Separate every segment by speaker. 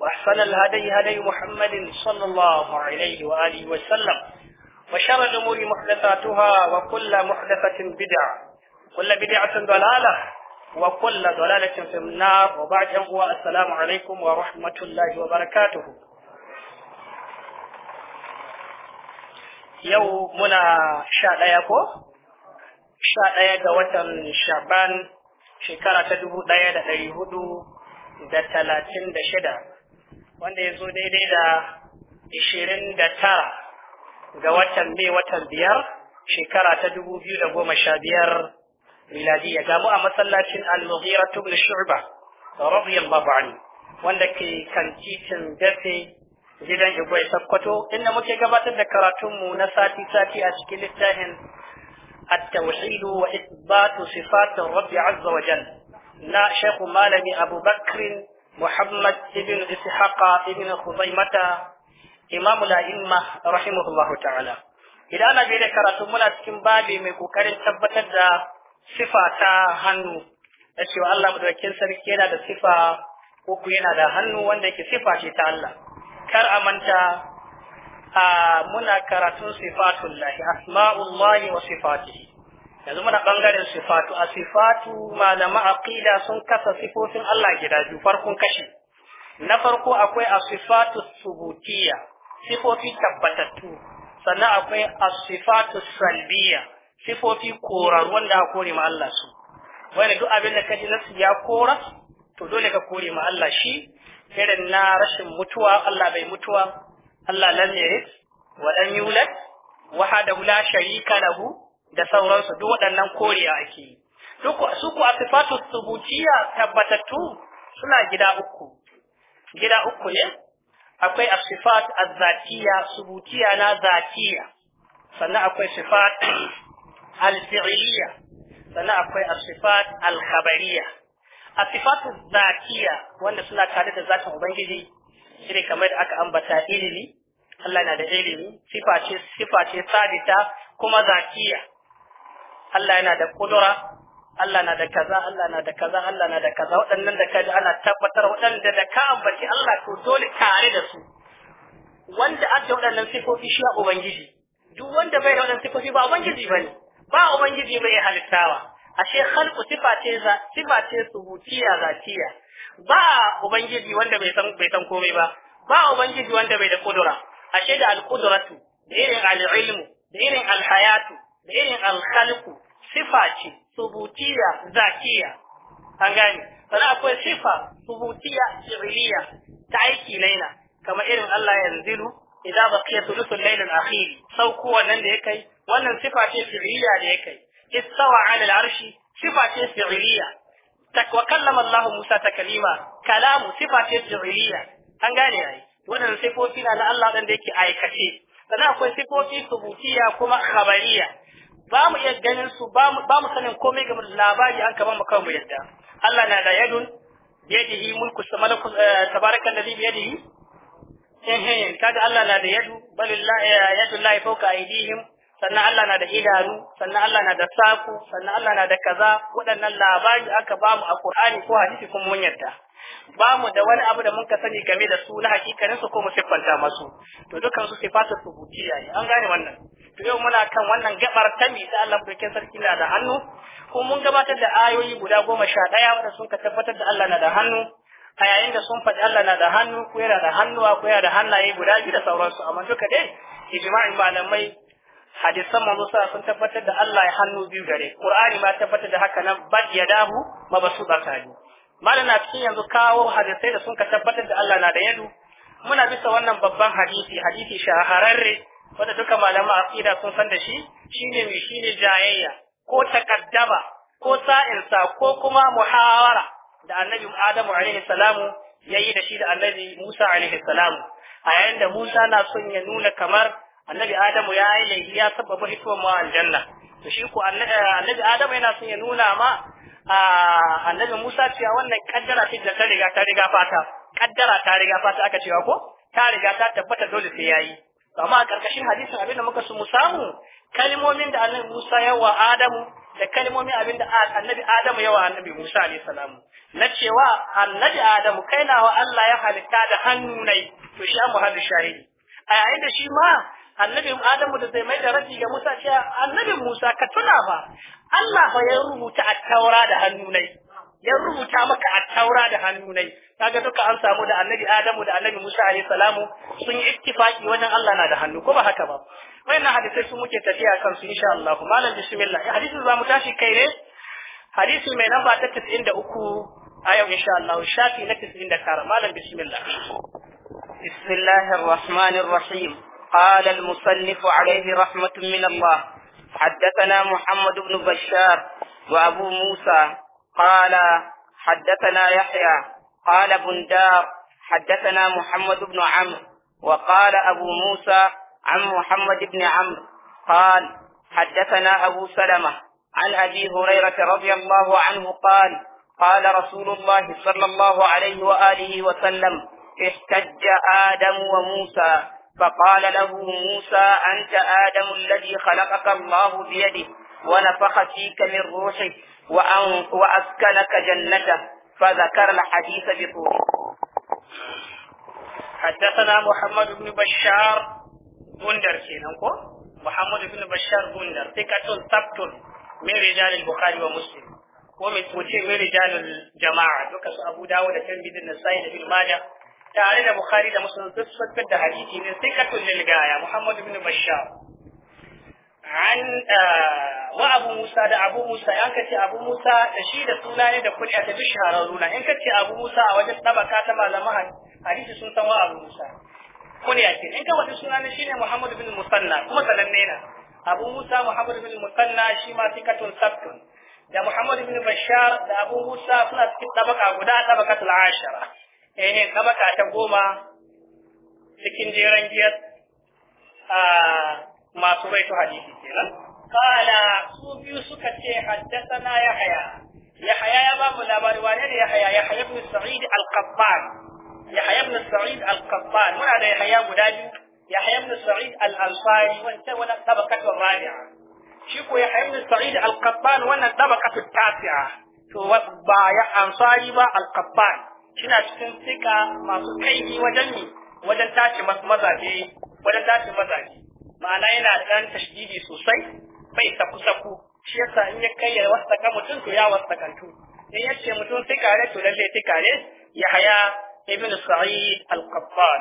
Speaker 1: وأحسن الهدي هدي محمد صلى الله عليه وآله وسلم وشر الأمور محدثاتها وكل محدثة بدعة كل بدعة ضلالة وكل ضلالة في النار وبعد هو السلام عليكم ورحمة الله وبركاته يوم منا شاء يكو sha ɗaya ga watan Shaban shekara ta dubu ɗaya da ɗari hudu da talatin da shida wanda ya zo daidai da ishirin da tara ga watan mai watan biyar shekara ta dubu biyu da goma sha biyar ya gamu a masallacin al-mughira ibn shu'ba radiyallahu anhu wanda ke kan titin dafe gidan igwai sakkwato inda muke gabatar da karatunmu na sati-sati a cikin littafin التوحيد وإثبات صفات الرب عز وجل لا شيخ مالمي أبو بكر Muhammad ابن إسحاق ابن خزيمة إمام الأئمة رحمه الله تعالى إذا أنا بين cikin babi mai kokarin tabbatar da sifa ta hannu da cewa Allah madaukakin yana da sifa ko ku yana da hannu wanda yake sifa ce ta Allah kar a manta a muna karatun sifatullahi asma'ullahi wa sifatihi yanzu muna bangaren sifatu a sifatu malama aqida sun kasa sifofin Allah gida biyu farkon kashi na farko akwai a sifatu subutiya sifofi tabbatattu sannan akwai a sifatu salbiya sifofi korar wanda akori kore ma Allah su Wani duk abin da kaji nasu ya kora to dole ka kore ma Allah shi irin na rashin mutuwa Allah bai mutuwa Allah lam wa dan yulad wahadahu la sharika lahu da sauransu duk waɗannan koriya ake yi su ku a sifatu subutiya tabbatattu suna gida uku gida uku ne akwai a sifat azzatiya subutiya na zatiya sannan akwai sifat alfi'iliya sannan akwai a sifat alkhabariya a sifatu zatiya wanda suna tare da zatin ubangiji shine kamar da aka ambata ilimi Allah na da ilimi sifa ce sifa sabita kuma zakiya Allah yana da kudura Allah na da kaza Allah na da kaza Allah na da kaza waɗannan da kaji ana tabbatar waɗanda da ka ambaci Allah to dole tare da su wanda aka waɗannan sifofi shi a ubangiji duk wanda bai da waɗannan sifofi ba ubangiji bane ba ubangiji bai halittawa ashe khalqu sifa ce za sifa ce subutiya zatiya ba ubangiji wanda bai san bai san komai ba ba ubangiji wanda bai da kudura ashe da al-qudratu da irin al-ilmu da irin al-hayatu irin eh, alkhaliku sifa ce subutiya zakiya an gane sannan akwai sifa subutiya fi'liya ta aiki laila kamar irin Allah yanzilu idza baqiya thuluthul layl al-akhir sauko wannan da ya kai wannan sifa ce fi'liya da ya kai istawa 'ala al-arshi sifa ce fi'liya wa kallama Allah Musa takalima kalamu sifa ce fi'liya an gane ai wannan sifofi na Allah dan da yake aikace sannan akwai sifofi subutiya kuma khabariya ba mu iya ganin su ba mu sanin komai game da labari an kama mu kawai mu yadda Allah na da yadun biyadihi mulku samalaku eh, tabarakan ladhi biyadihi kaga Allah na da yadu balillahi eh, yadullahi fawqa aydihim sannan Allah na da idanu sannan Allah na da saku sannan Allah na da kaza waɗannan labari aka ba mu a Qur'ani ko hadisi kuma mun yadda ba mu da wani abu da mun ka sani game da su na hakikanin su ko mu siffanta masu to dukkan su sifatu subutiyya ne an gane wannan yau muna kan wannan gabar ta mi da Allah dokin sarki na da hannu ko mun gabatar da ayoyi guda goma sha ɗaya wanda sun ka tabbatar da Allah na da hannu a yayin da sun faɗi Allah na da hannu ko yana da hannuwa ko yana da hannaye guda biyu da sauransu amma duka dai ijma'in malamai hadisan manzo sa sun tabbatar da Allah ya hannu biyu gare Qur'ani ma tabbatar da haka nan bad yadahu ne. malam na cikin yanzu kawo hadisai da sun ka tabbatar da Allah na da yadu muna bisa wannan babban hadisi hadisi shahararre wanda duka malaman aqida sun san da shi shine mi shine jayayya ko takaddama ko sa'insa ko kuma muhawara da annabi Adamu alaihi salamu yayi da shi da annabi Musa alaihi salamu a yayin da Musa na son ya nuna kamar annabi Adamu ya yi laifi ya sababa ma aljanna to shi ko eh, annabi Adamu yana son ya nuna ma annabi Musa cewa wannan kaddara ce da ta riga ta riga fata kaddara ta riga fata aka cewa ko ta riga ta tabbata dole sai yayi amma a karkashin hadisin abin da muka mu samu kalmomin da annabi Musa ya wa Adamu da kalmomin abin da annabi Adamu ya wa annabi Musa alayhi salamu na cewa annabi Adamu kai wa Allah ya halitta da hannunai, to shi an muhallu shahidi a yayin da shi ma annabi Adamu da zai mai da rafi ga Musa cewa annabi Musa ka tuna ba Allah fa ya rubuta a taura da hannunai. ya rubuta maka a taura da hannu nai kaga duka an samu da annabi adamu da annabi musa alayhi salamu sun yi ittifaki wajen Allah na da hannu ko ba haka ba wayannan hadisai su muke tafiya kan su insha Allah malam bismillah hadisin mu tashi kai ne hadisi mai namba ta 93 a yau insha Allah shafi na da 99 malam bismillah
Speaker 2: بسم الله الرحمن
Speaker 1: الرحيم قال المصنف عليه رحمة من الله حدثنا محمد بن بشار وأبو موسى قال حدثنا يحيى قال بندار حدثنا محمد بن عمرو وقال أبو موسى عن محمد بن عمرو قال حدثنا أبو سلمة عن أبي هريرة رضي الله عنه قال قال رسول الله صلى الله عليه وآله وسلم احتج آدم وموسى فقال له موسى أنت آدم الذي خلقك الله بيده ونفخ فيك من روحه وأسكنك جنته فذكر الحديث بطول حدثنا محمد بن بشار بندر كينكو محمد بن بشار بندر ثقة ثبت من رجال البخاري ومسلم ومن من رجال الجماعة دوكا أبو داود الترمذي النسائي بن ماجه تعالى البخاري Bukhari da Muslim duk sun fitar da hadisi ne sai an eh, wa abu musa da abu musa an kace abu musa da shi da suna da kulli ta bishararuna in kace abu musa a wajen tabaka ta malaman hadisi sun musa kulli ce in ka wata suna ne shine bin musanna kuma sananne abu musa muhammad bin musanna shi ma sikatun sabtun da muhammad bin bashar da abu musa suna cikin tabaka guda tabakatul ashara eh tabaka ta goma cikin jeran giyar ah, masu raito hadisi kenan kala su biyu suka ce haddasana yahaya yahaya ya bamu labari wane ne yahaya yahaya ibn sa'id al-qattan yahaya ibn sa'id al-qattan muna da yahaya guda biyu yahaya ibn sa'id al-ansari wancan wani tabakatu rabi'a shi ko yahaya ibn sa'id al-qattan wannan tabakatu tasi'a to ba ya ansari ba al-qattan kina cikin sika masu kaihi wajen ni wajen tashi mazaje wajen tashi mazaje ma'ana yana ɗan tashdidi sosai bai saku saku shi yasa in ya kai ya kan mutum to ya wasakantu in ya ce mutum sai kare to lalle sai kare haya ibn sa'i al qabbal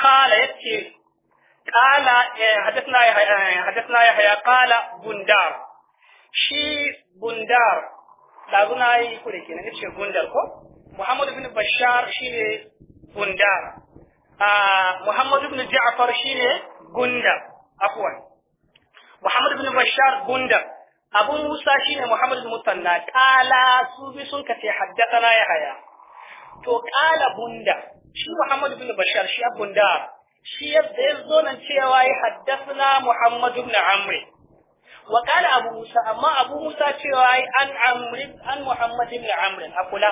Speaker 1: kala yace eh, hadathna ya haya eh, kala Bundar. Shi Bundar. da دازنا yi kure kenan ce bundar ko Muhammad ibn Bashar shi ne bundar ah Muhammad ibn Ja'far ne. gundar afwan muhammad bin bashar gundar abun musa shine muhammad ibn mutanna qala su bi sun kace ya haya to qala gundar shi muhammad bin bashar shi gundar shi yadda ya zo nan cewa ya haddathana muhammad ibn amri wa qala abu musa amma abu musa cewa ya an amri an muhammad ibn amr akula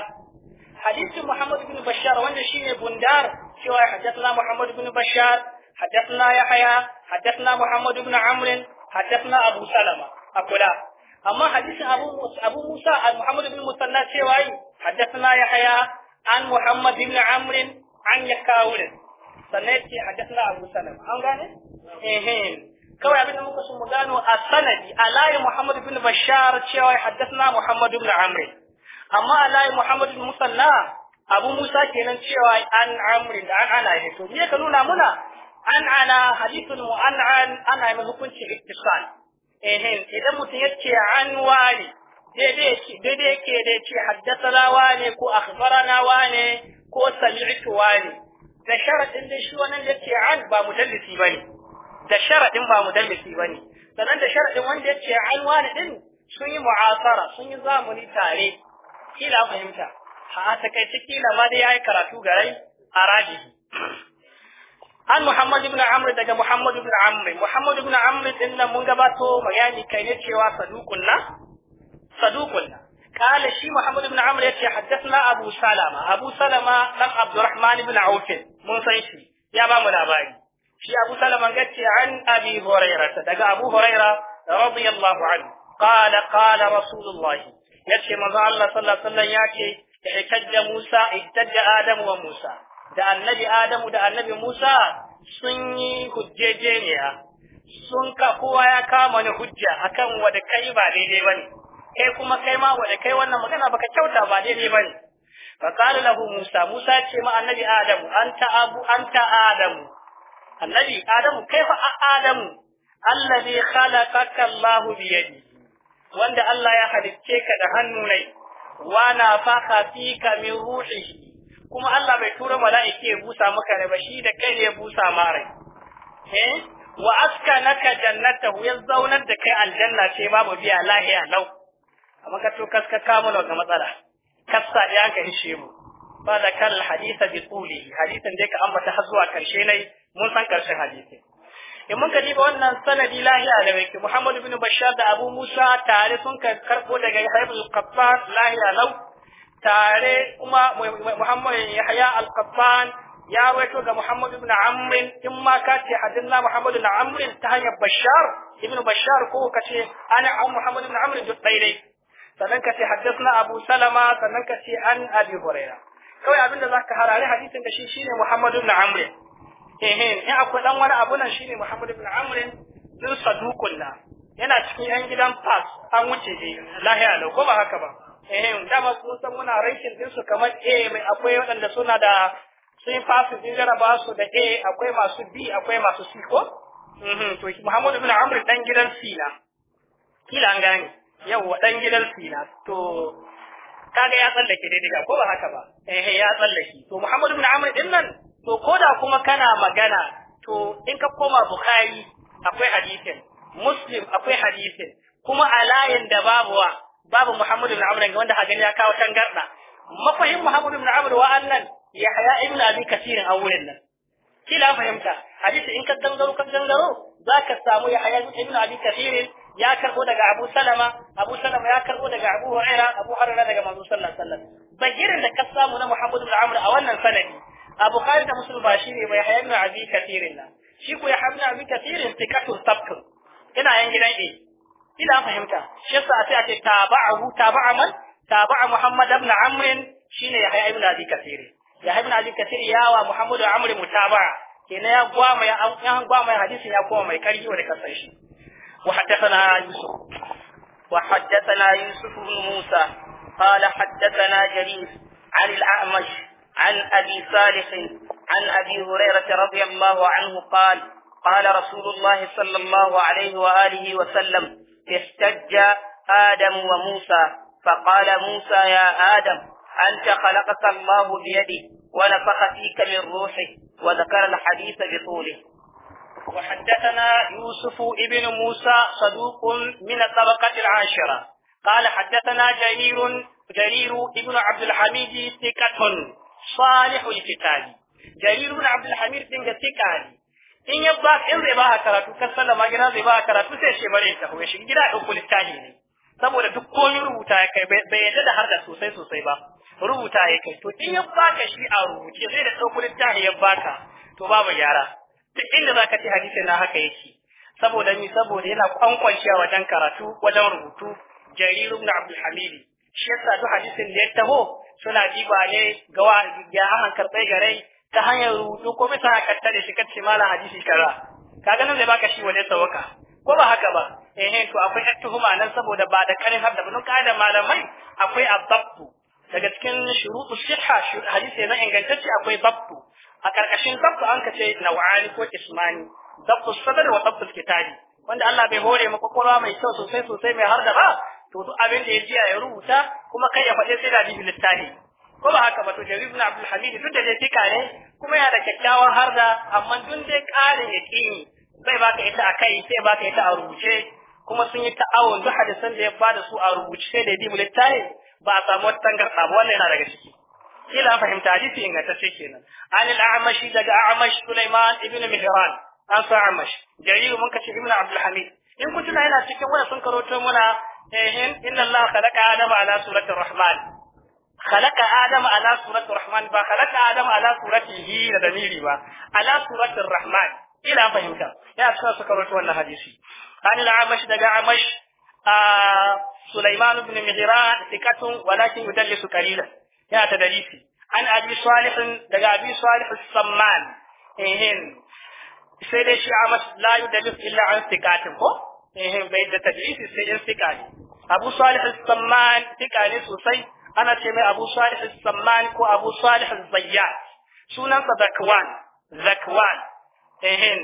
Speaker 1: hadisi muhammad bin bashar wanda shine gundar cewa haddathana muhammad bin bashar حدثنا يحيى حدثنا محمد بن عمرو حدثنا أبو سلمة أقول أما حديث أبو موسى أبو موسى محمد بن مسنى شيوعي حدثنا يحيى عن محمد بن عمرو عن يكاول سنتي حدثنا أبو سلمة أم غاني؟ إيهين kawai abin muka so gano a sanadi alayi Muhammad bin Bashar cewa haddathna Muhammad bin Amr amma alayi Muhammad bin Musanna Abu Musa kenan cewa an Amr da an ana ka nuna muna an ana an mu'an'an ana yi hukuncin ittisal ehin idan mutum ya ce an wani daidai yake da ce haddasa wani? ko akhbarana wani? ko sami'tu wani? da sharadin da shi wannan da ce an ba mudallisi bane da sharadin ba mudallisi bane sannan da sharadin wanda ya ce an wani din sun yi mu'asara sun yi zamani tare kila fahimta ha ta kai kila ma dai yayi karatu garai a
Speaker 2: rajihi
Speaker 1: an Muhammad ibn Amr daga Muhammad ibn Amr Muhammad ibn Amr din nan mun gabato bayani kai ne cewa saduqun na saduqun na kala shi Muhammad ibn Amr yace haddathna Abu Salama Abu Salama dan Abdurrahman ibn Auf mun san shi ya ba mu labari shi Abu Salama gace an Abi Hurairah daga Abu Hurairah radiyallahu anhu qala qala Rasulullah yace manzo Allah sallallahu alaihi wasallam yace ihtajja Musa ihtajja Adam wa Musa da annabi Adamu da annabi Musa sun yi hujjejeniya sun ka kowa ya kama ni hujja akan wada kai ba daidai ba ne. kai kuma kai ma wada kai wannan magana baka kyauta ba daidai ba ne. qala lahu Musa Musa ce ma annabi Adamu anta abu anta Adamu annabi Adamu kai fa Adamu allazi khalaqaka Allah bi yadi wanda Allah ya halicce ka da hannu ne wa na fi ka min ruhihi kuma Allah bai tura mala'iki ya busa maka rai ba shi da kai ne ya busa ma rai eh wa askanaka jannatahu ya zaunar da kai aljanna ce babu biya lahiya lau amma ka to kaska kamu ga matsala Kasta ya ka hishe mu ba da kan hadisa bi tuli Hadisan da ka ambata har zuwa karshe ne mun san karshen hadisi in mun ka diba wannan sanadi lahiya da wake Muhammadu bin Bashar da Abu Musa tare sun karbo daga Ibn Qaffar lahiya lau tare kuma Muhammad Yahya al-Qattan ya rawaito ga Muhammad ibn Amr in ma ka ce hadinna Muhammad ibn Amr ta hanyar Bashar ibn Bashar ko ka ce ana an Muhammad ibn Amr duk ɗaya ne sannan ka ce haddathna Abu Salama sannan ka ce an Abi Hurairah kawai abinda zaka harare hadisin da shi shine Muhammad ibn Amr eh eh in akwai dan wani abu nan shine Muhammad ibn Amr din na. yana cikin yan gidan Fas an wuce dai lahiya lau ko ba haka ba eh dama sun san muna rankin din su kamar A mai akwai waɗanda suna da sun fasu sun jaraba su da A akwai masu B akwai masu C ko mhm, to Muhammadu bin Amr dan gidan Sina, kila an gane yawwa dan gidan Sina to kaga ya tsallake daidai ga ko ba haka ba eh ya tsallake to Muhammadu bin Amr din nan to koda kuma kana magana to in ka koma Bukhari akwai hadisin Muslim akwai hadisin kuma a layin da babuwa. babu Muhammadu ibn Amr wanda ha ya kawo tangarda mafahim Muhammadu ibn Amr wa annan Yahya ibn Abi Kathir a wurin nan kila fahimta hadisi in ka dangaro ka dangaro zaka samu Yahya ibn Abi Kathir ya karbo daga Abu Salama Abu Salama ya karbo daga Abu Hurairah Abu Hurairah daga Manzo sallallahu alaihi wasallam bagirin da ka samu na Muhammadu ibn Amr a wannan sanadi Abu Khalid da Muslim ba shine ba Yahya ibn Abi Kathir nan shi ko Yahya ibn Abi Kathir tikatun sabtun ina yan gidan eh ila fahimta shi yasa sai ake tabahu taba'a man taba'a Muhammad ibn Amr shine Yahya ibn Abi Kathir Yahya ibn Abi Kathir yawa Muhammad ibn Amr mutaba'a kenan ya gwama ya an gwama hadisi ya koma mai karfi da kasan shi wa haddathana Yusuf wa haddathana Yusuf ibn Musa qala haddathana Jarir عن الأعمش عن أبي صالح عن أبي هريرة رضي الله عنه قال قال رسول الله صلى الله عليه وآله وسلم احتج آدم وموسى فقال موسى يا آدم أنت خلقك الله بيده ونفخ فيك من روحه وذكر الحديث بطوله وحدثنا يوسف ابن موسى صدوق من الطبقة العاشرة قال حدثنا جرير جرير ابن عبد الحميد ثقة صالح الكتاب جرير بن عبد الحميد بن ثقة in ya ba in zai ba a karatu kan sallama gida zai ba a karatu sai ce bare ta ya shiga gida ɗin littafi ne saboda duk komi rubuta ya kai bai yadda da harda sosai sosai ba rubuta ya kai to in ya baka shi a rubuce sai da ɗauko littafi ya baka to babu gyara duk inda ka ci hadisi na haka yake saboda ni saboda yana a wajen karatu wajen rubutu Jariru na abdul hamidi shi yasa duk hadisin da ya taho suna diba ne ga wa ya tsaye karɓe garai ta hanyar rubutu ko bisa katta da shi kace malam hadisi kaza kaga nan zai baka shi wani sawaka ko ba haka ba eh to akwai ɗan tuhuma nan saboda ba da karin har da bunun malamai akwai azabtu daga cikin shurutu sihha hadisi na ingantacce akwai babtu. a karkashin babtu an kace naw'ani ko ismani zabtu sadar wa zabtu kitabi wanda Allah bai hore maka kwakwalwa mai kyau sosai sosai mai har da ba, to duk abin da ya jiya ya rubuta kuma kai ya faɗi sai da bibi littafi ko ba haka ba to jarir ibn abdul duk da dai fika ne kuma yana da kyakkyawan harda amma tun dai ƙarin yaqini bai baka ita kai sai baka ita a rubuce kuma sun yi ta'awun duk hadisan da ya bada su a rubuce sai da bibu littafi ba a samu wata tangarda ba wannan yana daga ciki kila fahimta hadisi ingantacce kenan an al-a'mashi daga a'mash sulaiman ibn mihran an sa a'mash jarir mun kace ibn abdul hamid in kun tuna yana cikin wani sun karoto muna eh inna allaha khalaqa adama ala surati rahman khalaqa adama ala surati rahman ba khalaqa adama ala suratihi da damiri ba ala surati rahman ila fahimta ya tsaya suka rawaito hadisi an al-amash daga amash a sulaiman ibn mihran tikatun walakin yudallisu qalilan ya ta dalisi an abi salih daga abi salih as-samman ehin sai shi amash la yudallis illa an tikatin ko ehin bai da sosai ana ce mai abu salih samman ko abu salih sunan sunansa zakwan zakwan ehin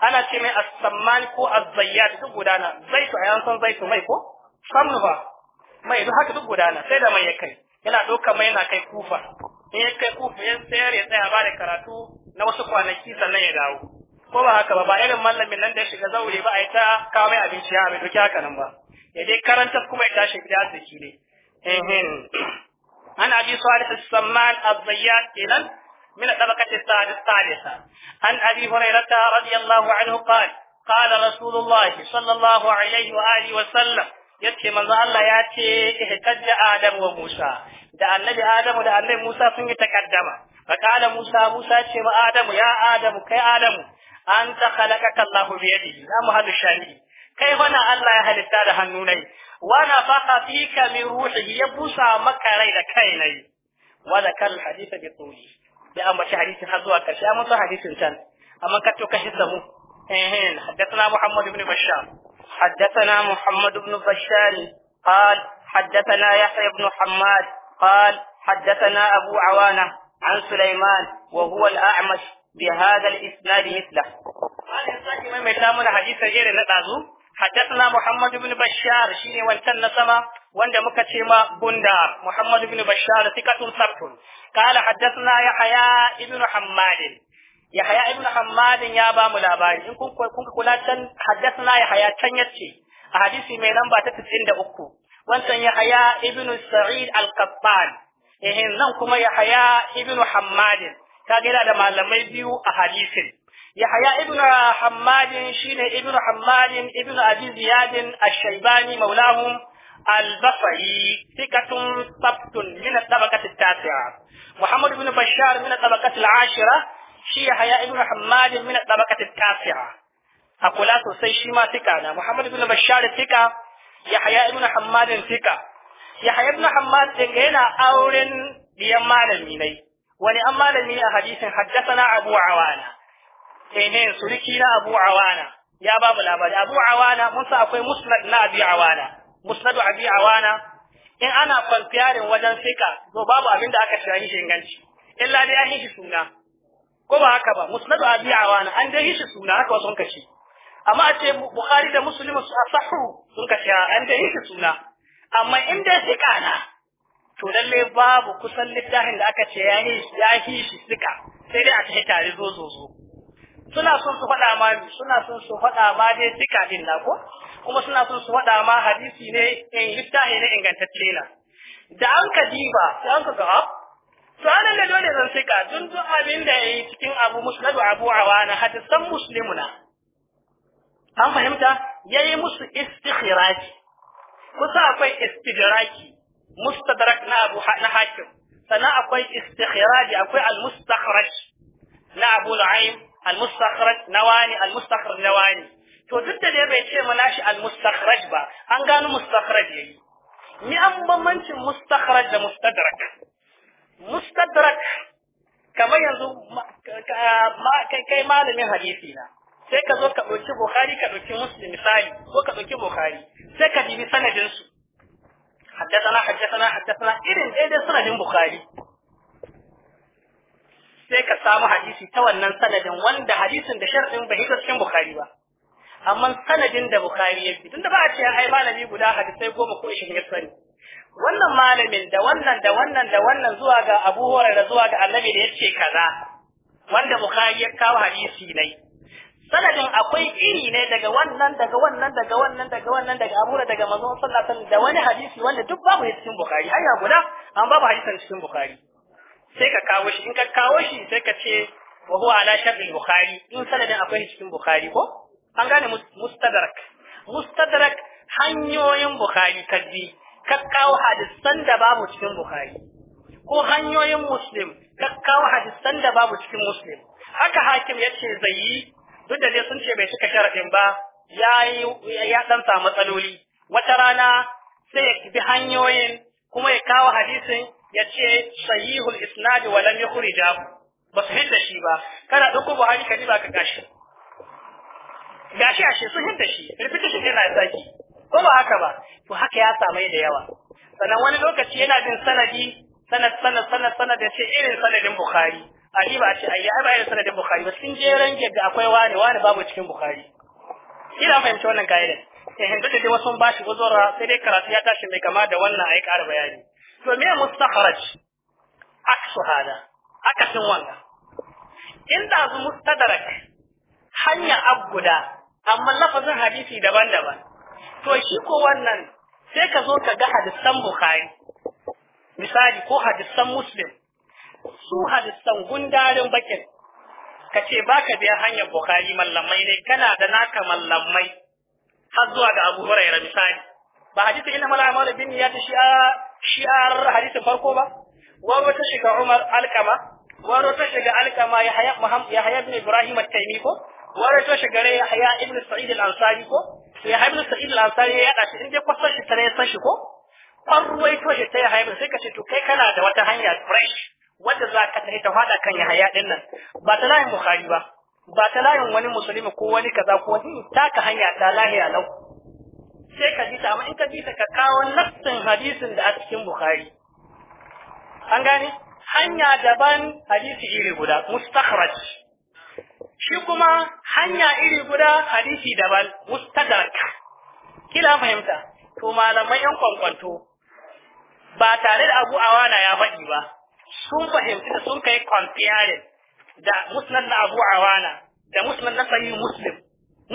Speaker 1: ana ce mai as-samman ko az-zayyat duk gudana zaitu ayan san zaitu mai ko samnu ba mai duk haka duk gudana sai da mai ya kai yana doka mai yana kai kufa in ya kai kufa ya tsayar ya tsaya ba da karatu na wasu kwanaki sannan ya dawo ko ba haka ba ba irin mallamin nan da ya shiga zaure ba a yi ta kawo mai abinci ya mai doki haka nan ba ya dai karanta kuma ya tashi gida shi ne عن أبي صالح السمان الضيات إلى من الطبقة الثالثة عن أبي هريرة رضي الله عنه قال قال رسول الله صلى الله عليه وآله وسلم yace manzo Allah ya ce ihtajja Adam Musa da annabi Adamu da annabi Musa sun yi takaddama fa kala Musa Musa ce ma Adamu ya Adamu kai Adamu anta khalaqaka Allah bi yadihi ya muhallu shani kai fa Allah ya halitta da hannu nai ونفخ فيك من روحه يبوسى مكة ليلة كيني وذا كان الحديث بطوله بأما حديث حزوة كشي أما حديث انسان أما كتو كشزمو إيهين حدثنا محمد بن بشار حدثنا محمد بن بشار قال حدثنا يحيى بن حماد قال حدثنا أبو عوانة عن سليمان وهو الأعمش بهذا الإسناد مثله
Speaker 2: هذا الإسناد
Speaker 1: ما يتعامل حديث غير نتعزو حدثنا محمد بن بشار شيني وانتن سما وند مكتما بندار محمد بن بشار ثقة ثبت قال حدثنا يحيى ابن حماد يحيى ابن حماد يا با ملاباري إن كنت كنت كلا تن حدثنا يحيى تن يتشي حديثي من لمبا تتسين أكو وانتن يحيى ابن سعيد القبان إهن نوكما يحيى ابن حماد كاجرا da malamai biyu a hadisin Yahaya ibn Hammadin shine ibn Hammadin ibn Abi Ziyad al-Shaybani maulahum al-Basri sikatun sabtun min al-tabaqat al-tasi'a Muhammad ibn Bashar min al-tabaqat al-ashira shi Yahaya ibn Hammadin min al-tabaqat al-tasi'a akula sosai shi ma sika na Muhammad ibn Bashar sika Yahaya ibn Hammadin sika Yahaya ibn Hammad yana auren diyan malami ne wani an malami a hadisin haddasa na Abu ne suriki na Abu Awana ya ba mu labari Abu Awana mun sa akwai musnad na Abi Awana musnad Abi Awana in ana kwantiyarin wajen sika to babu abin da aka shirayi shi inganci illa dai an yi shi suna ko ba haka ba musnad Abi Awana an dai yi shi suna haka wasu kace amma a ce Bukhari da Muslim su asahu sun kace an dai yi shi suna amma in dai sika na to lalle babu kusan littafin da aka ce ya yi shi sika sai dai a ta tare zo zo zo suna son su faɗa ma suna son su faɗa ma dai duka din na ko kuma suna son su faɗa ma hadisi ne in littafi ne ingantacce na da an ka diba da an ka ga ah, to anan ne dole zan sika dun duk abin da yayi cikin abu musnadu abu awana hadisan muslimuna an fahimta yayi musu istikhraj kusa akwai istidraki mustadrak na abu na hakim sana akwai istikhraj akwai al-mustakhraj na abu al al-mustakhraj nawani al-mustakhraj nawani to duk da dai bai ce mana shi al-mustakhraj ba an gano mustakhraj yayi ni an bambancin mustakhraj da mustadrak mustadrak kamar yanzu kai malamin hadisi na sai ka zo ka ɗauki bukhari ka ɗauki muslim misali ko ka ɗauki bukhari sai ka dibi sanadin su حدثنا حدثنا حدثنا irin daidai sanadin bukhari sai ka samu hadisi ta wannan sanadin wanda hadisin da sharɗin bai hito cikin Bukhari ba amma sanadin da Bukhari ya fi tunda ba a ce ai malami guda sai goma ko ishirin ya sani wannan malamin da wannan da wannan da wannan zuwa ga Abu Hurairah zuwa ga Annabi da yace kaza wanda Bukhari ya kawo hadisi ne sanadin akwai iri ne daga wannan daga wannan daga wannan daga wannan daga amura daga manzon sallallahu alaihi wasallam da wani hadisi wanda duk babu cikin bukhari har guda an babu hadisin cikin bukhari sai ka kawo shi in ka kawo shi sai ka ce wa huwa ala sharri bukhari in sanadin akwai cikin bukhari ko an gane mustadrak mustadrak hanyoyin bukhari kaddi ka kawo hadisan da babu cikin bukhari ko hanyoyin muslim ka kawo hadisan da babu cikin muslim haka hakim ya ce zai yi duk da dai sun ce bai cika sharadin ba ya ya dan samu matsaloli wata rana sai ya bi hanyoyin kuma ya kawo hadisin yace sahihul isnad wa lam yukhrija ba su hidda shi ba kana dauko buhari ka ba ka gashi gashi shi sun hidda shi shi yana saki ko ba haka ba to haka ya samai da yawa sannan wani lokaci yana bin sanadi sanad sanad sanad sanad da ce irin sanadin bukhari ali ba ce ayya ba irin sanadin bukhari ba cikin jeran da akwai wani wani babu cikin bukhari ina fahimci wannan kaidan eh da wasu ba shi gozora sai dai karatu ya tashi mai kama da wannan ayi ƙara bayani to me mustakhraj aksu hada akasin wanga in da zu mustadrak hanya abguda amma lafazin hadisi daban-daban to shi ko wannan sai ka zo ka ga hadisan bukhari misali ko hadisan muslim su hadisan gundarin bakin ka ce ba ka biya hanyar bukhari mallamai ne kana da naka mallamai har zuwa ga abu hurairah misali ba hadisi ina mala bin ya shi a shi a hadisin farko ba wani ta shiga Umar Alkama wani ta shiga Alkama ya haya ibn Ibrahim at-Taymi ko wani ta shiga ya ibn Sa'id al-Ansari ko ya ibn Sa'id al-Ansari ya yada shi inda kwasan shi tare san shi ko an ruwaito shi ta ya haya sai ka ce to kai kana da wata hanya fresh wanda za ka tafi ta fada kan ya haya din nan ba ta layin Bukhari ba ba ta layin wani musulmi ko wani kaza ko wani taka hanya ta lahiya lau sai ka ji ta amma in ka ji ta ka kawo nassin hadisin da a cikin bukhari an gane hanya daban hadisi iri guda mustakhraj shi kuma hanya iri guda hadisi daban mustadrak kila fahimta to malamai yan kwankwanto ba tare da abu awana ya faɗi ba sun fahimci da sun kai comparing da musnad na abu awana da musnad na sahih muslim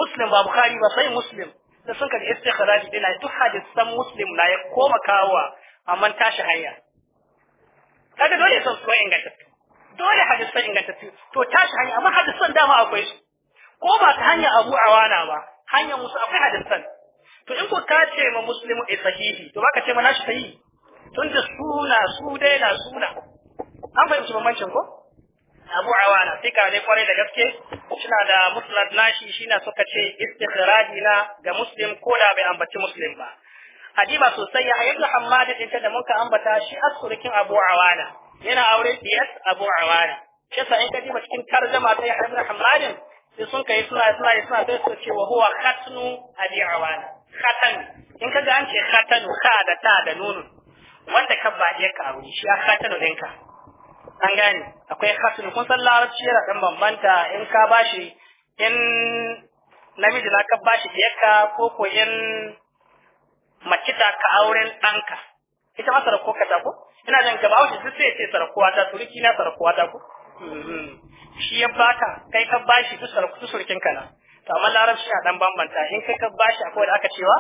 Speaker 1: muslim ba bukhari ba sai muslim da sun ka istikhraji dina duk hadisan muslim na ya koma kawa amma tashi hanya kaga dole sun so ingantattu dole hadisan ingantattu to tashi hanya amma hadisan dama akwai su ko ba ta hanya abu awana ba hanyar musu akwai hadisan to in ko ka ce ma muslimu e sahihi to baka ce ma nashi sahihi tun da suna su dai na suna an fahimci bambancin ko abu awana fika ne kwarai da gaske suna da musnad nashi shine suka ce istikhraji na ga muslim ko da bai ambaci muslim ba hadiba sosai ya ayyuka hammada din ta da muka ambata shi asurikin abu awana yana aure diyas abu awana shi sa in ka cikin tarjuma ta yahya ibn hammadin sai sun kai suna suna suna sai su ce wa huwa khatnu abi awana khatan in ka an ce khatanu kha da ta da nunu wanda ka ba ya kawo shi a khatanu ɗinka an gane akwai khatun kun san larabci yana kan bambanta in ka bashi in namiji na ka bashi diyarka ko ko in mace ta ka auren ɗanka ita ma sarko ka ta ko ina jan ka bawo shi sai sai sarkuwa ta turiki na sarkuwa ta ko mhm. shi ya baka kai ka bashi duk su surkin na. to amma larabci na dan bambanta in kai ka bashi akwai da aka cewa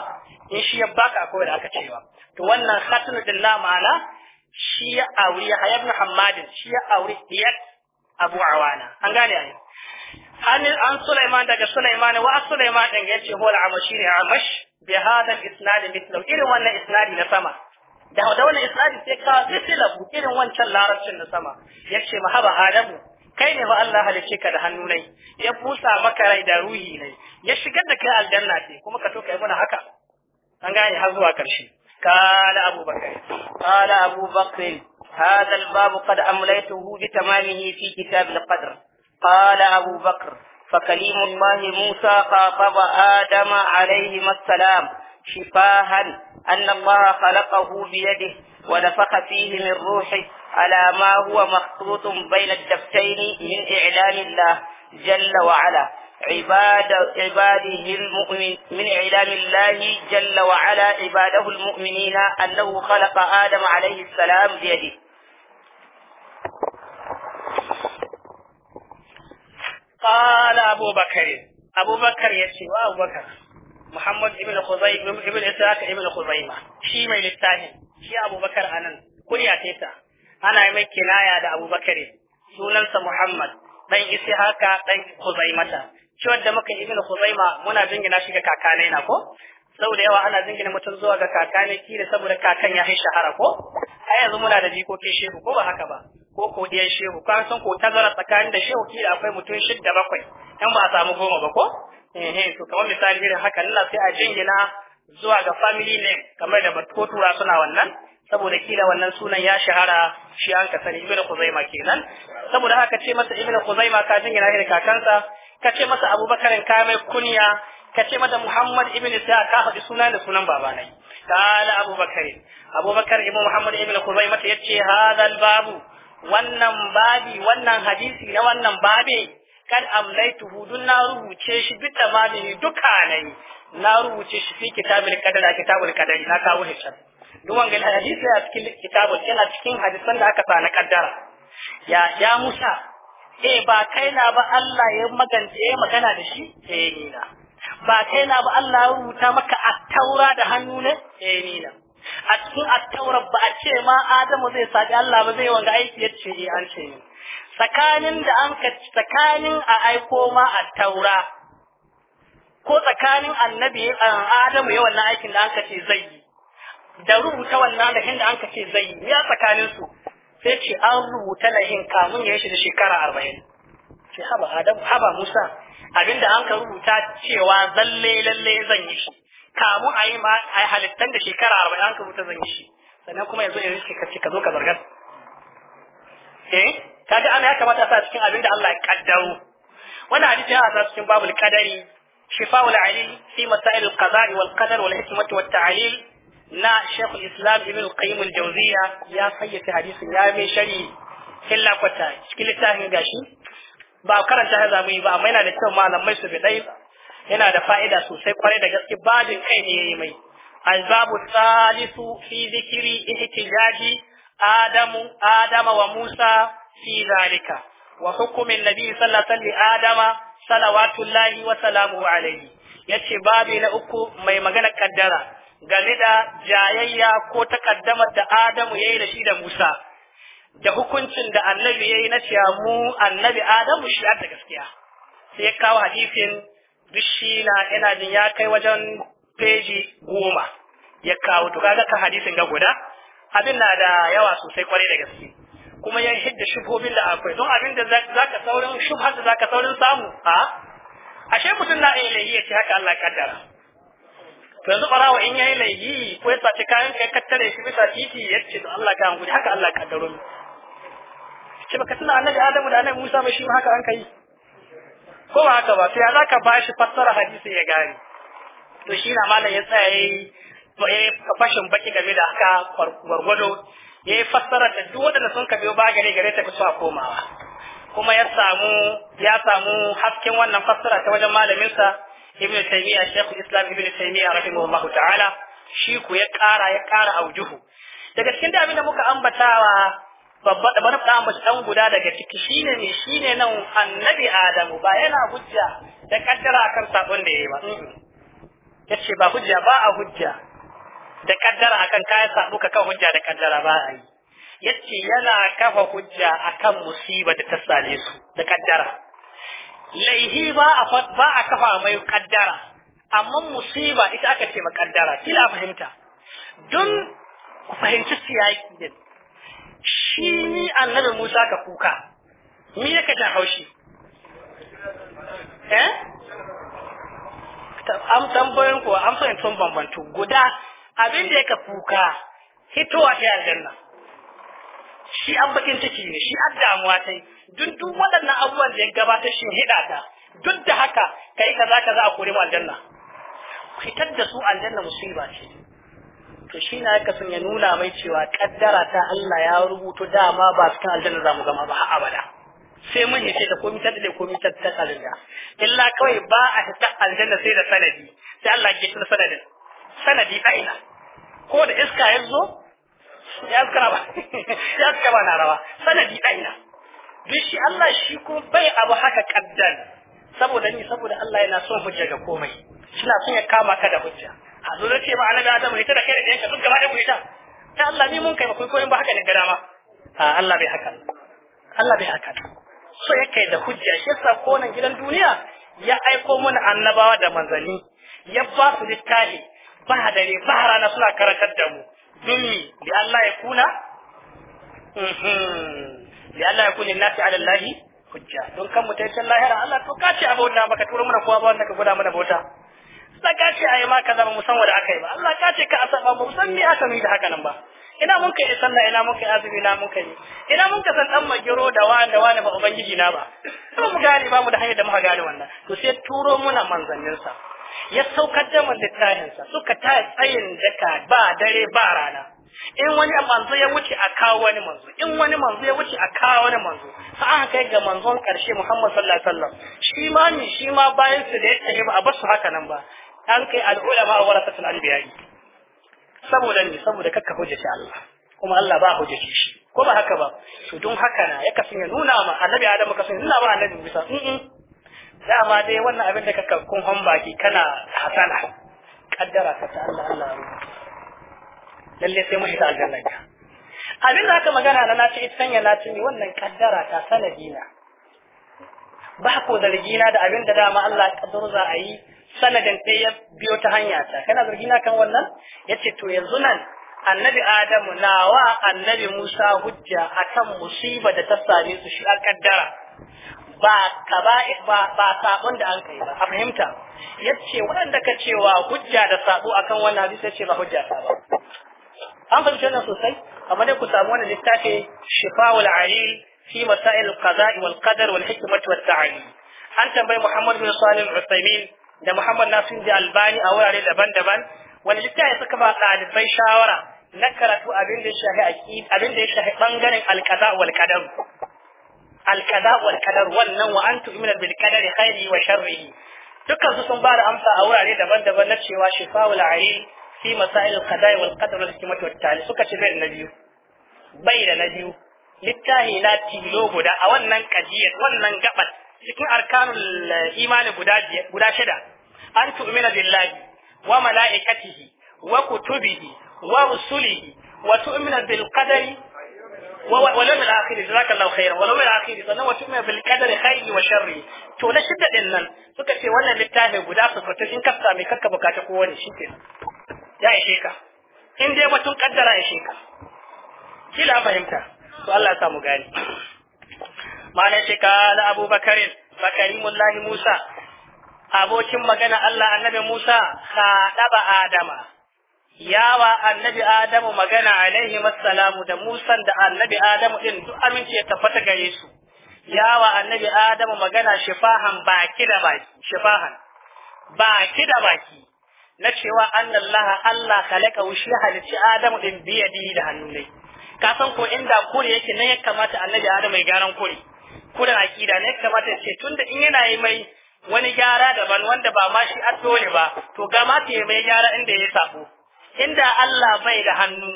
Speaker 1: in shi ya baka akwai da aka cewa to wannan khatun din la ma'ana shi ya aure Yahya ibn Hammadin shi ya aure diyat Abu Awana an gane ai an an Sulaiman daga Sulaiman wa Sulaiman din yace huwa al-amashi ne amash bi hada al-isnad mithlu irin wannan isnadi na sama da da wannan isnadi sai ka mithlahu irin wancan larabcin na sama yace mahaba adamu kai ne fa Allah halice ka da hannu nai ya busa maka rai da ruhi nai ya shigar da kai aljanna ce kuma ka to kai mana haka an gane har zuwa karshe قال أبو بكر قال أبو بكر هذا الباب قد أمليته بتمامه في كتاب القدر قال أبو بكر فكليم الله موسى خاطب آدم عليهما السلام شفاها أن الله خلقه بيده ونفخ فيه من روحه على ما هو مخطوط بين الدفتين من إعلان الله جل وعلا عباد عباده المؤمن من إعلام الله جل وعلا عباده المؤمنين أنه خلق آدم عليه السلام بيده قال أبو بكر أبو بكر يتشوى أبو بكر محمد ابن خزيمة ابن إسحاق ابن خزيمة شي من الثاني شي أبو بكر أنا كل يأتيتا أنا يمي كناية أبو بكر سننسى محمد ɗan Isihaka ɗan Kuzaimata ciwon da muka ibn Khuzaima muna jingina shi ga kakanai na ko da yawa ana jingina mutum zuwa ga kakanai da saboda kakan ya yi shahara ko a yanzu muna da jikokin shehu ko ba haka ba ko kodiyar shehu ka san ko tazara tsakanin da shehu da akwai mutum shidda bakwai in ba a samu goma ba ko eh to kamar misali irin haka Allah sai a jingina zuwa ga family name kamar da ko tura suna wannan saboda kila wannan sunan ya shahara shi an ka sani ibnu khuzaima kenan saboda haka ce masa ibnu kuzaima ka jingina shi da kakansa ka ce masa abubakarin ka mai kunya ka ce mata muhammad ibn isa ka faɗi suna da sunan babanai kala abubakarin abubakar ibn muhammad ibn kubai mata yace hadal babu wannan babi wannan hadisi na wannan babe kad amlaitu hudun na rubuce shi bi tamamini duka nayi na rubuce shi fi kitabul qadar kitabul qadari na kawo shi can duk wanga hadisi a cikin kitabul yana cikin hadisan da aka sa na kaddara ya ya musa eh ba kai na ba Allah ya magance ya magana da shi eh ni na ba kai na ba Allah ya rubuta maka at-taura da hannu ne eh ni na a cikin at-taura ba a ce ma Adamu zai sabi Allah ba zai wanga aiki ya ce eh, an ce ni tsakanin da an ka tsakanin a aiko ma at-taura ko tsakanin annabi eh, Adamu ya wannan aikin da an ka ce zai yi da rubuta wannan da hinda an ka ce zai yi ya tsakanin su sai ce an rubuta lahin kamun ya shi da shekara arba'in ce haba adam haba musa abinda an ka rubuta cewa lalle lalle zan yi shi kamun a yi halittan da shekara arba'in an ka rubuta zan yi shi sannan kuma yanzu ya riske kace ka zo ka zargar eh kaga ana ya kamata a sa cikin abinda Allah ya kaddaro wannan hadisi ya sa cikin babul qadari shifa'ul ali fi masail al-qada'i wal qadar wal hikmati wat ta'lil na Sheikhul Islam Ibn Qayyim al ya fayyace hadisin ya mai shari killa kwata cikin littafin gashi ba karanta ya zamu yi ba amma yana da kyau malamai su bi dai yana da fa'ida sosai kwarai da gaske bajin kai ne yayi mai albabu salisu fi zikri ihtijaji adamu adama wa musa fi zalika wa hukumin nabi sallallahu alaihi adama salawatullahi wa salamuhu alaihi yace babi na uku mai magana kaddara game da jayayya ko takaddamar da Adamu ya yi da shi da Musa da hukuncin da annabi ya yi na cewa mu annabi Adamu shi da gaskiya sai ya kawo hadisin duk na yana jin ya kai wajen peji goma ya kawo to kaga kan hadisin ga guda abin na da yawa sosai kwarai da gaske kuma ya hidda shubobin da akwai don abin da zaka saurin shubhar da zaka saurin samu a ashe mutum na ilahi ya ce haka Allah kaddara to yanzu barawa in yayi laifi ko ya saci kayan kai ka tare shi bisa titi ya ce to Allah ka hankuri haka Allah ka daro ni ce baka tuna annabi Adamu da annabi Musa ba shi ma haka an kai ko ba haka ba to ya zaka ba shi fassara hadisi ya gari. to shi na malam ya tsaya yayi fashin baki game da haka gwargwado ya yi fassara da duk wanda sun ka biyo ba gare gare ta a komawa kuma ya samu ya samu hasken wannan fassara ta wajen sa ibn taymiya shaykh islam ibn taymiya rahimahullahu ta'ala shi ku ya kara ya kara aujuhu daga cikin da abinda muka ambatawa babba da bana fada ambata dan guda daga ciki shine ne shine nan annabi adamu ba yana hujja da kaddara akan sabon da yayi ba yace ba hujja ba a hujja da kaddara akan kayan sabu ka kan hujja da kaddara ba a yace yana kafa hujja akan musiba da ta sale su da kaddara laihi ba a ba a kafa mai kaddara amma musiba ita aka ce makaddara kila fahimta don ku fahimci siyaki din shi ni annabi Musa ka kuka ni yake jin haushi eh am tambayan ko am fahimtun bambantu guda abin da yake kuka hitowa ta aljanna shi an bakin ciki ne shi addamuwa damuwa ta yi duk duk waɗannan abubuwan da ya gabatar shi hida ta duk da haka kai ka za a kore mu aljanna fitar da su aljanna musiba ce to shi na haka sun ya nuna mai cewa kaddara ta Allah ya rubuto dama ba cikin aljanna za mu zama ba har abada sai mun yi da komai ta da komai ta ta kalanda illa kawai ba a ta aljanna sai da sanadi sai Allah ya kira sanadin sanadi aina ko da iska ya zo ya iska ba ya ba na rawa sanadi aina Bishi Allah shi kuma bai abu haka kaddan saboda ni saboda Allah yana son hujja ga komai kina son ya kama ka da hujja
Speaker 2: a zo da ce ba
Speaker 1: annabi Adam ita da kai da yanka duk gaba da ku ita ta Allah ni mun kai ba kai koyin ba haka ne gara ma a Allah bai haka Allah bai haka so ya kai da hujja shi yasa ko nan gidan duniya ya aiko mana annabawa da manzanni ya ba su littafi ba dare ba rana suna karantar da mu dumi da Allah ya kuna
Speaker 2: mhm.
Speaker 1: li Allah ya kulli nasi ala Allah hujja don kan mutai can lahira Allah to kace a bauta baka turo mana kowa ba wanda ka gwada mana bauta sai kace ayi ma kaza ba mu san wanda akai ba Allah kace ka asaba ba mu san me aka da haka nan ba ina mun kai sallah ina mun kai azumi ina mun kai ina mun ka san dan magiro da wani da wani ba ubangiji na ba to mu gane ba mu da hanyar da muka gane wannan to sai turo muna manzanninsa ya saukar da mun littafinsa suka ta tsayin daka ba dare ba rana in wani manzo ya wuce a kawo wani manzo in wani manzo ya wuce a kawo wani manzo fa aka kai ga manzon karshe Muhammad sallallahu alaihi wasallam shi ma ni shi ma bayan su da yake ba a basu haka nan ba an kai al-ulama wa warasatul anbiya saboda ni saboda kakka shi Allah kuma Allah ba hujjaci shi ko ba haka ba to don haka na ya kasance nuna ma annabi Adam ka sanya nuna ma annabi Musa dama dai wannan abin da kakka kun hon baki kana hasana kaddara ta Allah Allah lalle sai mun isa aljanna ka abin da aka magana na nace ita sanya na tuni wannan kaddara ta sanadina ba ko zargina da abin da dama Allah kaddaro za a yi sanadin sai ya biyo ta hanya ta kana zargina kan wannan yace to yanzu nan annabi Adamu nawa annabi Musa hujja akan musiba da ta same su shi an kaddara ba kaba'ir ba ba sabon da an kai ba a fahimta yace waɗanda ka cewa hujja da sabo akan wannan hadisi yace ba hujja ta ba an fahimci wannan sosai amma dai ku samu wannan littafi shifa'ul alil fi masail al-qada'i wal qadar wal ta'ali an tambayi Muhammad bin Salim, al da Muhammad Nasir da Albani a wurare daban-daban wani littafi suka ba ɗalibai shawara na karatu abin da ya shafi aqid abin da ya shafi bangaren al-qada' wal qadar al-qada' wal qadar wannan wa antu min al-qadar khairi wa sharri. dukkan su sun ba da amsa a wurare daban-daban na cewa shifa'ul alil fi masail al-qada'i wal qadar wal hikmati wat tali suka ce bai da na biyu bai da na biyu littahi na tilo guda a wannan kadiyar wannan gabar cikin arkanul eh, imani guda guda shida an tu'mina billahi wa mala'ikatihi wa kutubihi wa rusulihi wa tu'mina bil qadari ولم الآخر جزاك الله خيرا ولم الآخر sannan wa tu'minu bil qadari khairi wa sharri to na shidda ɗin nan suka ce wannan littafin guda su fata in ka ko wani ya ishe ka in dai batun kaddara ishe ka kila fahimta to Allah ya samu gani malam shi kala Abu Bakarin Bakarimullahi Musa abokin magana Allah annabi Musa daba Adama yawa annabi Adamu magana alaihi wassalamu da Musa da annabi Adamu din duk aminci ya tabbata gare su yawa annabi Adamu magana shifahan baki da baki shifahan baki da baki na cewa annallaha Allah kalaka wushi halitti Adamu din biyadi da hannu ka san ko inda kure yake ne ya kamata annabi Adamu ya gyaran kure kure akida ne ya kamata ce tunda in yana yi mai wani gyara daban wanda ba ma shi dole ba to ga ma ta mai gyara inda ya sako inda Allah bai da hannu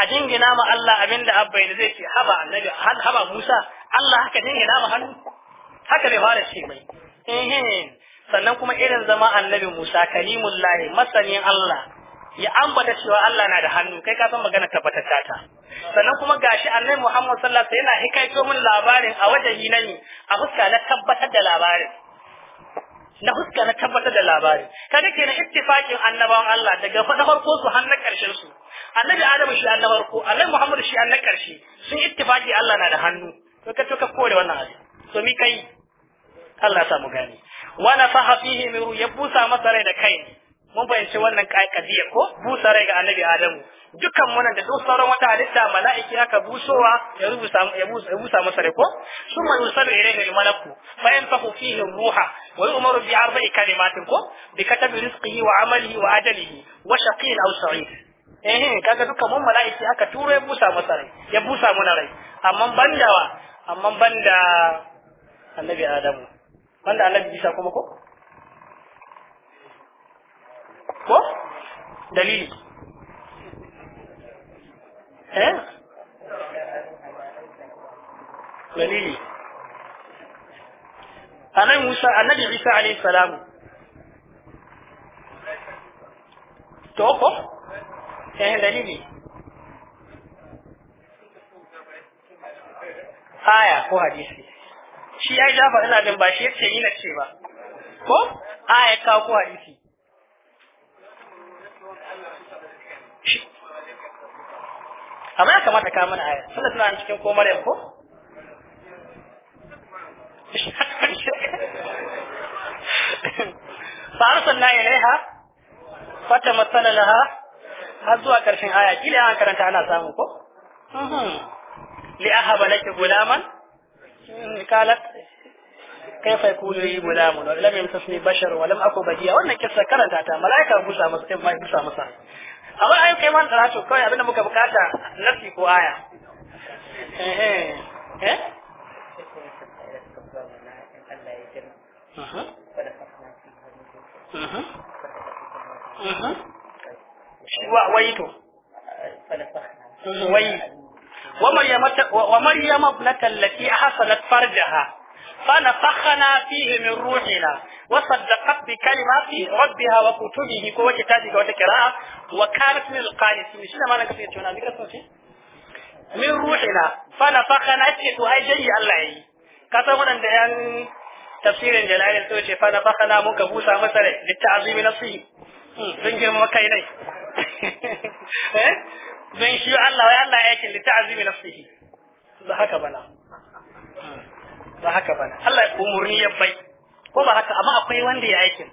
Speaker 1: a jingina ma Allah abinda abba da zai ce haba annabi haba Musa Allah haka jingina ma hannu haka bai fara ce mai sannan kuma irin zama annabi Musa lahi masanin Allah ya ambata cewa Allah na da hannu kai ka san magana tabbatacce ta sannan kuma gashi annabi Muhammad sallallahu alaihi wasallam yana hikaito min labarin a wajahi nani a huska na tabbatar da labarin na huska na tabbatar da labarin ke na ittifaqin annabawan Allah daga na farko su har na karshen su annabi Adamu shi na farko annabi Muhammad shi na karshe sun ittifaqi Allah na da hannu to ka to ka kore wannan hadisi to mi kai Allah ya samu gani wa nafaha fihi min ruhi ya busa masa rai da kai mun fahimci wannan kadiya ko busa rai ga annabi adamu dukkan wannan da duk sauran wata halitta mala'iki aka busowa ya rubuta ya busa ya busa masa rai ko summa yusalu ilayhi al-malaku fa yanfahu fihi ruha wa yu'maru bi arba'i kalimatin ko bi katabi rizqihi wa amalihi wa ajalihi wa shaqiyin aw sa'id eh kaga dukkan mun mala'iki aka turo ya busa masa rai ya busa mana rai amma bandawa amma banda annabi adamu da annabi isa kuma ko ko dalili eh dalili annabi musa annabi isa alayhi salam to ko
Speaker 2: eh dalili aya ko hadisi shi ya jafar ina jin ba shi yace ni na ce ba ko ya ka ko hadisi amma ya kamata ka mana aya suna suna cikin ko maryam ko
Speaker 1: fa arsalna ilaiha fata masala laha har zuwa karshen aya kila an karanta ana samu ko mhm. li ahaba laki gulaman قالت كيف يكون لي غلام ولم يمسسني بشر ولم اكو بديا wannan kissa karanta ta malaika busa masa sai mai busa masa amma ai kai man karatu kai abinda muka bukata nafsi ko aya
Speaker 2: eh eh eh wa waito wai wa maryama
Speaker 1: ibnata allati ahsanat farjaha fa nafakhana fihi min ruhina wa saddaqat bi kalimati rabbiha wa kutubihi ko wace ta diga wata kira'a wa kanat lil qanitin shi ne malaka sai tuna diga sun ce
Speaker 2: min ruhina
Speaker 1: fa nafakhana shi to ai dai Allah ka san wannan da yan tafsirin jalalin to ce fa nafakhana muka busa masa rai litta'zimi nafsihi sun je mu kai don shi Allah wai Allah yakin da ta'azimi nafsihi ba haka bana ba haka bana Allah umurni ya bai ko ba haka amma akwai wanda ya aikin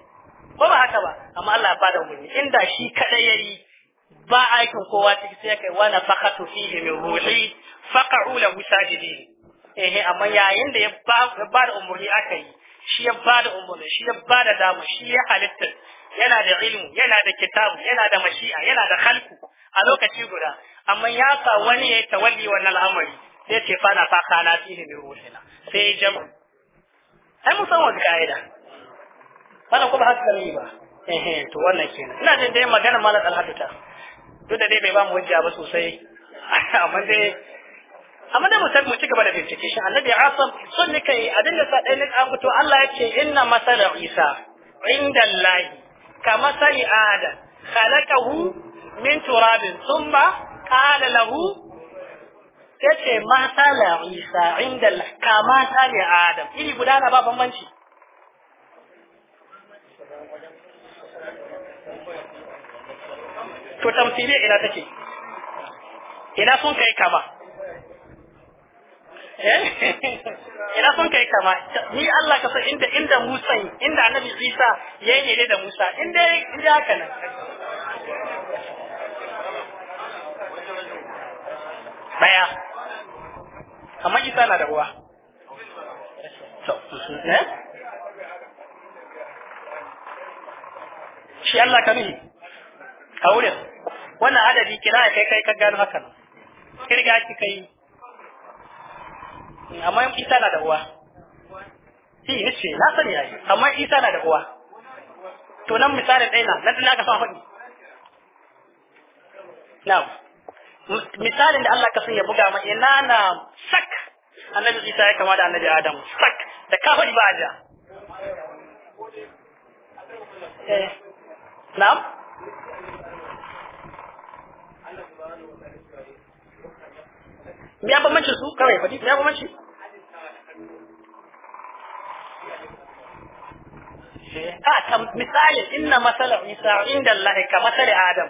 Speaker 1: ko ba haka ba amma Allah ya bada umurni inda shi kadai yayi ba aikin kowa ciki sai kai wa nafaqatu fihi min ruhi faqa'u lahu sajidin eh amma yayin da ya bada da umurni aka yi shi ya bada da umurni shi ya bada da dama shi ya halitta yana da ilmu yana da kitabu yana da mashi'a yana da khalqu a lokaci guda amma ya sa wani ya yi tawalli wannan al'amari sai ce fa na faka na fihi bi ruhina sai ya jama ai mun san wasu kaida wannan kuma haka sani ba eh to wannan kenan ina jin dai magana malam alhadu ta duk da dai bai ba mu hujja ba sosai amma dai amma da mutum mu ci gaba da bincike shi annabi asam sun ne kai a da sa ɗaya ne an fito Allah ya ce inna masala isa inda Allah ka masali adam khalaqahu min turabin thumma qala lahu yace mata la isa inda ka mata ne adam iri guda na ba bambanci
Speaker 2: to tamthiliya ina take
Speaker 1: ina sun kai kama eh? ina sun kai kama ni Allah ka san inda inda Musa inda Annabi Isa yayin ne da Musa inda inda haka nan daya amma isa na da uwa
Speaker 2: eh? shi Allah ka nuhi
Speaker 1: a wurin wannan adadi kira kai kai ka gano haka nan kirga ki kai amma isa na da uwa shi ni ce na sani yayi amma isa na da uwa to nan misalin ɗaya na nan da aka sa faɗi na'am misalin da Allah ka sun ya buga mai ina na sak annabi Isa ya kama da annabi Adam sak da kafa ba aja eh. na'am me ya bambanci su kawai fadi me ya bambanci eh. a misali inna masala isa inda Allah ka masala Adam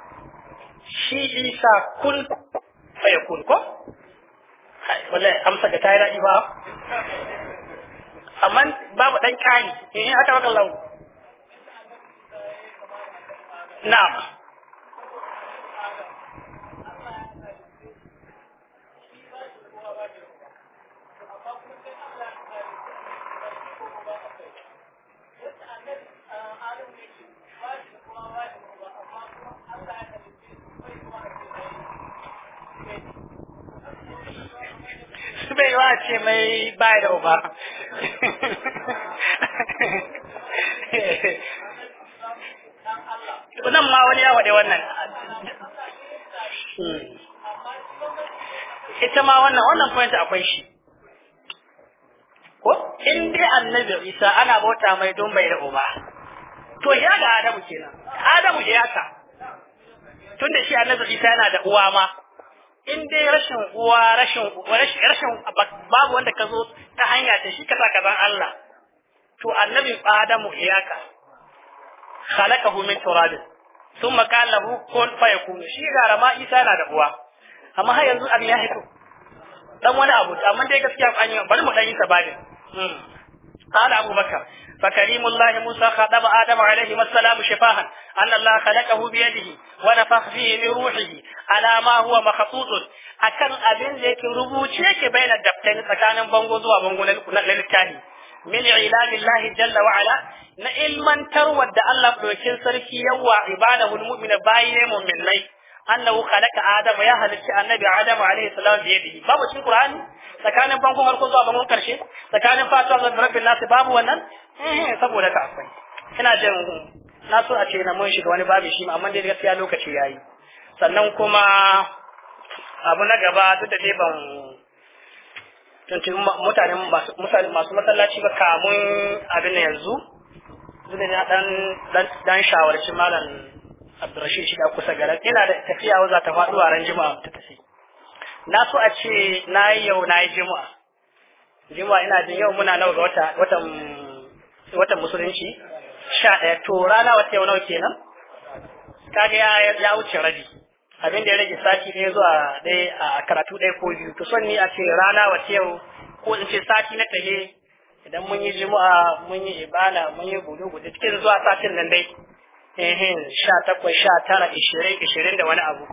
Speaker 1: shi isa kun faya kun ko wallahi amsa ga tayi daɗi ba amma babu ɗan kani in eh, haka maka lau
Speaker 2: na'am bai yiwa ce mai bai da uba nan ma wani ya faɗi wannan ita ma wannan wannan point
Speaker 1: akwai shi ko in dai annabi isa ana bauta mai don bai da uba to ya ga adamu kenan adamu ya Tun da shi annabi isa yana da uwa ma in dai rashin uwa rashin rashin babu wanda ka zo ta hanya ta shi kasa gaban Allah to annabi Adamu iyaka khalaqahu min turab thumma qala lahu kun fayakun shi gara ma Isa na da uwa amma har yanzu abin ya hito dan wani abu amma dai gaskiya an yi bari mu dan yi sabani hmm. قال أبو بكر فكريم الله موسى خاطب آدم عليهما السلام شفاها أن الله خلقه بيده ونفخ فيه من روحه على ما هو مخطوط أكن أبن ذيك ربوشيك بين الدبتين فكان بانغو زوا بانغو للتاهي من علام الله جل وعلا na ilmantar wadda Allah ɗaukin sarki yawa ibadahu mu'mina bayi ne mu'minai annahu khalaqa adam ya halicci annabi adam alayhi salam bi yadihi babu cikin qur'ani tsakanin bankon harko zuwa bangon karshe tsakanin fatuwa zuwa rabbil nas babu wannan saboda ka akwai ina jin na so a ce na mun shiga wani babu shi amma dai gaskiya lokaci yayi sannan kuma abu na gaba duk da dai ban tuntun mutane masu masallaci ba kamun abin yanzu zai na dan shawarci malam Abdurrashid shi da kusa garan ina da tafiya wanda ta faɗo a ran Juma'a ta tafi na so a ce na yi yau na yi Juma'a Juma'a ina jin yau muna nawa ga wata watan musulunci sha ɗaya to rana wata yau nawa kenan kaga ya ya wuce rabi abin da ya rage sati ɗaya zuwa ɗaya a karatu ɗaya ko biyu to son ni a ce rana wata yau ko in ce sati na tahe idan mun yi juma'a mun yi ibada mun yi gudu gudu cikin zuwa satin nan dai ehin sha sha tara ishirin ishirin da wani abu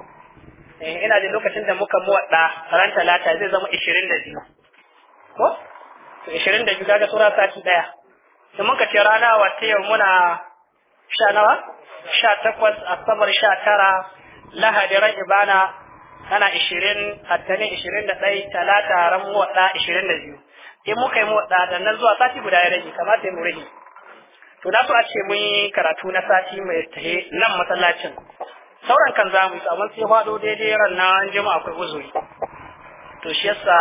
Speaker 1: ina da lokacin da muka muwaɗa ran talata zai zama ishirin da biyu ko ishirin da biyu kaga sura sati ɗaya
Speaker 2: da muka ce rana wata yau muna
Speaker 1: sha nawa sha takwas asabar sha tara lahadi ran ibana ana ishirin hattani ishirin da ɗai talata ran muwaɗa ishirin da biyu in muka yi muwaɗa da nan zuwa sati guda ya rage kamata ya mu rage to na so a ce mun yi karatu na sati mai tahe nan masallacin sauran kan za mu yi amma sai faɗo daidai ran na an jima akwai uzuri to shi yasa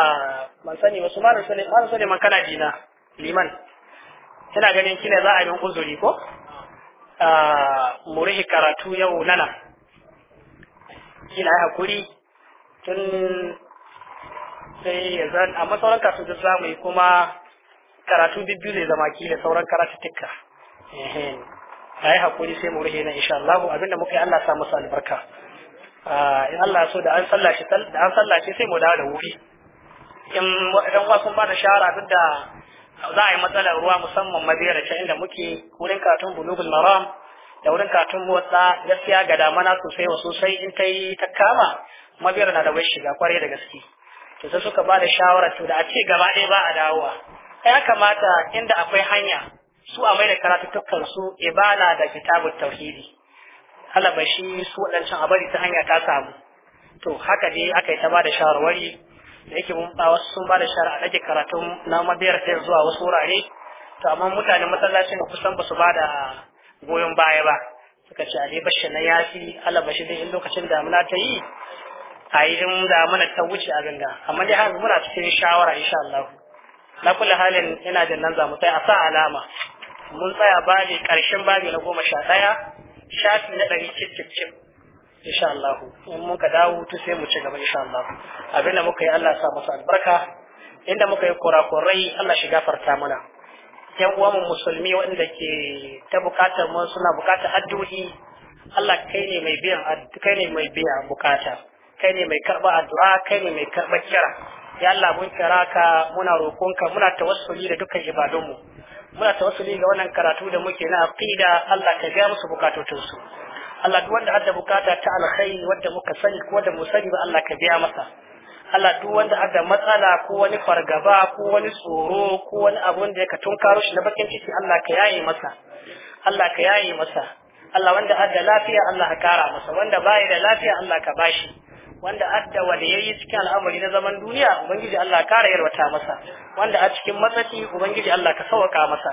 Speaker 1: ban sani wasu malam sani malam sani man kana dina liman kina ganin kina za a yi uzuri ko ah, mu rihi karatu yau nana kina yi hakuri tun sai ya zan amma sauran kasu duk za mu yi kuma karatu biyu zai zama kila sauran karatu tikka. ehe ayi hakuri sai mu rahina nan insha Allah abinda muka yi Allah sa masa albarka ah, in Allah so da an sallace da sai mu dawo da wuri in dan wasu ba da shara duk da za a yi matsalar ruwa musamman madiyar ta inda muke wurin katon bulugul maram da wurin katon motsa gaskiya ga damana sosai wa sosai in ta yi ta kama mabiyar na da wai shiga kwarai da gaske to sai suka ba da shawara to da a ce gaba ɗaya ba a dawowa ya kamata inda akwai hanya su a mai da karatuttukan su ibada da kitabun tauhidi shi su waɗancan abari ta hanya ta samu to haka dai aka yi ta bada da shawarwari da yake mun ba wasu sun ba da shawara a ɗage karatun na mabiyar ta zuwa wasu wurare to amma mutane masallacin kusan ba su ba da goyon baya ba suka ce a bashi na yafi shi, dai in lokacin damuna ta yi a yi in damuna ta wuce a ganga amma dai har muna cikin shawara insha Allah na kula halin ina da nan za mu sai a sa alama mun tsaya babi ƙarshen babi na goma sha ɗaya shafi na ɗari cicicin insha Allah in ka dawo to sai mu ci gaba insha Allah abinda muka yi Allah sa masa albarka inda muka yi kurakurai Allah shi gafarta mana yan mu musulmi waɗanda ke ta bukatar mu suna bukatar addu'i Allah kai ne mai biyan kai ne mai biya bukata kai ne mai karba addu'a kai ne mai karba kira ya Allah mun kira ka muna roƙonka muna tawassuli da dukkan ibadunmu muna tawassuli ga wannan karatu da muke na aqida Allah ka ga musu bukatotun su Allah duk wanda adda bukata ta alkhairi wanda muka sani ko da mu sani ba Allah ka biya masa Allah duk wanda adda matsala ko wani fargaba ko wani tsoro ko wani abun da ka tunkaro shi na bakin ciki Allah ka yaye masa Allah ka yaye masa Allah wanda adda lafiya Allah ka kara masa wanda bai da lafiya Allah ka bashi wanda adda wanda yi cikin al'amari na zaman duniya ubangiji Allah kara yarwata masa wanda a cikin matsafi ubangiji Allah ka sauka masa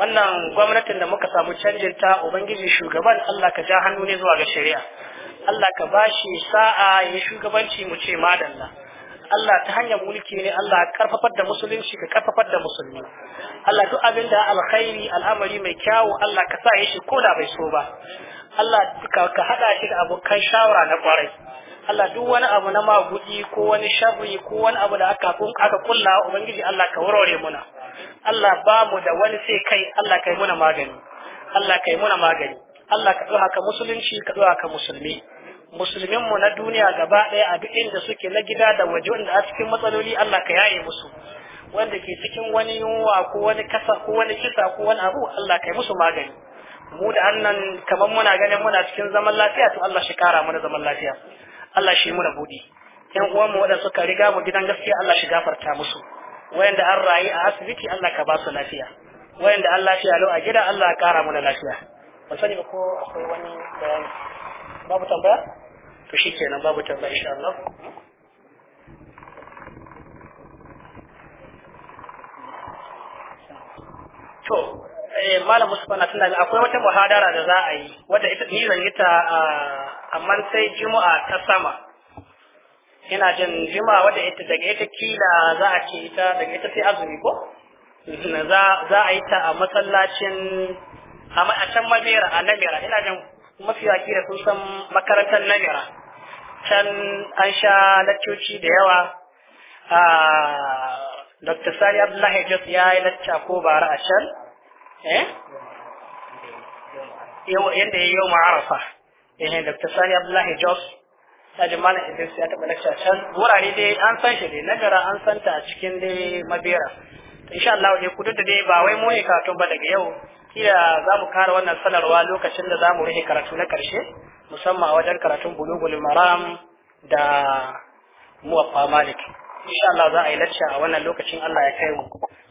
Speaker 1: wannan gwamnatin da muka samu canjin ta ubangiji shugaban Allah ka ja hannu ne zuwa ga shari'a Allah ka bashi sa'a ya shugabanci mu ce madalla Allah ta hanyar mulki ne Allah karfafar da musulunci ka karfafar da musulmi Allah duk abin da alkhairi al'amari mai kyawu Allah ka sa shi ko da bai so ba Allah ka haɗa shi da abokan shawara na kwarai Allah duk wani abu na magudi ko wani sharri ko wani abu da aka kun aka kulla ubangiji Allah ka warware muna Allah ba mu da wani sai kai Allah kai muna magani Allah kai muna magani Allah ka tsaya ka musulunci ka tsaya ka musulmi musulmin mu na duniya gaba ɗaya a duk inda suke na gida da waje wanda a cikin matsaloli Allah ka yaye musu wanda ke cikin wani yunwa ko wani kasa ko wani kisa ko wani abu Allah kai musu magani mu da annan kamar muna ganin muna cikin zaman lafiya to Allah shi kara mana zaman lafiya Allah shi da budi yan uwan mu waɗanda suka riga mu gidan gaskiya Allah shi gafarta musu wayanda an rayu a asibiti Allah ka ba su lafiya wayanda an lafiya lau a gida Allah ya kara muna lafiya Ba sani ba ko akwai wani bayani babu tambaya to shi kenan babu tambaya insha Allah to Eh, malam Mustapha na tunani akwai wata muhadara da za a yi wadda ita ni zan yi ta amma sai Juma'a ta sama ina jin Juma'a wadda ita daga ita kila za a ce ita daga ita sai azumi ko za a yi ta a masallacin a can Mamera a Namira ina jin mafiya da sun san makarantar Namira can an sha laccoci da yawa Dr. Sani Abdullahi Jos ya yi lacca ko bara a can
Speaker 2: eh yanda yayi yau
Speaker 1: ma'arafa eh Dr. Sani Abdullahi Jos Sajin Malam Idris ya taɓa lakta can wurare dai an san shi dai nagara an san ta a cikin dai mabera insha Allah dai ku da dai ba wai mu ne karatu ba daga yau kila za mu kara wannan sanarwa lokacin da za mu rage karatu na karshe musamman a wajen karatun bulugul maram da muwaffa malik insha Allah za a yi lacca a wannan lokacin Allah ya kai mu